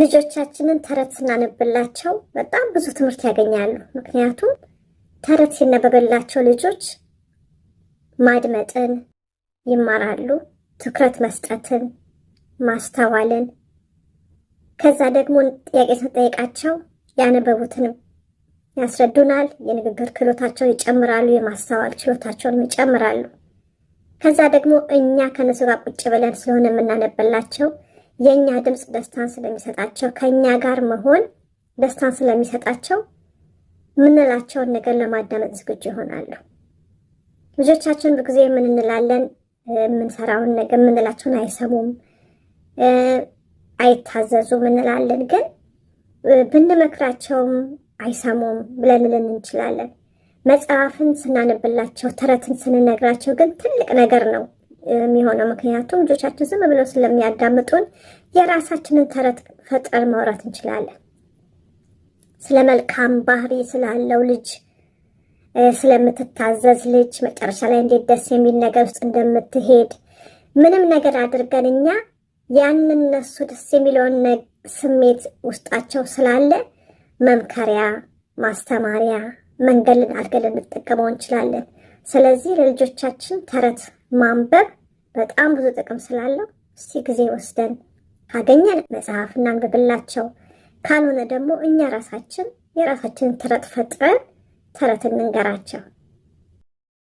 ልጆቻችንን ተረት ስናነብላቸው በጣም ብዙ ትምህርት ያገኛሉ። ምክንያቱም ተረት ሲነበብላቸው ልጆች ማድመጥን ይማራሉ፣ ትኩረት መስጠትን፣ ማስተዋልን። ከዛ ደግሞ ጥያቄ ስንጠይቃቸው ያነበቡትንም ያስረዱናል። የንግግር ክህሎታቸውን ይጨምራሉ፣ የማስተዋል ችሎታቸውንም ይጨምራሉ። ከዛ ደግሞ እኛ ከነሱ ጋር ቁጭ ብለን ስለሆነ የምናነብላቸው የእኛ ድምፅ ደስታን ስለሚሰጣቸው ከእኛ ጋር መሆን ደስታን ስለሚሰጣቸው የምንላቸውን ነገር ለማዳመጥ ዝግጁ ይሆናሉ። ልጆቻችን በጊዜ ጊዜ የምንላለን የምንሰራውን ነገር የምንላቸውን አይሰሙም፣ አይታዘዙም እንላለን። ግን ብንመክራቸውም አይሰሙም ብለን ልን እንችላለን። መጽሐፍን ስናነብላቸው፣ ተረትን ስንነግራቸው ግን ትልቅ ነገር ነው የሚሆነው። ምክንያቱም ልጆቻችን ዝም ብለው ስለሚያዳምጡን የራሳችንን ተረት ፈጠር ማውራት እንችላለን። ስለ መልካም ባህሪ ስላለው ልጅ፣ ስለምትታዘዝ ልጅ፣ መጨረሻ ላይ እንዴት ደስ የሚል ነገር ውስጥ እንደምትሄድ ምንም ነገር አድርገን እኛ ያን እነሱ ደስ የሚለውን ስሜት ውስጣቸው ስላለ መምከሪያ፣ ማስተማሪያ መንገድን አድርገን ልንጠቀመው እንችላለን። ስለዚህ ለልጆቻችን ተረት ማንበብ በጣም ብዙ ጥቅም ስላለው እስቲ ጊዜ ወስደን ካገኘን መጽሐፍ እናንብብላቸው፣ ካልሆነ ደግሞ እኛ ራሳችን የራሳችንን ተረት ፈጥረን ተረት እንንገራቸው።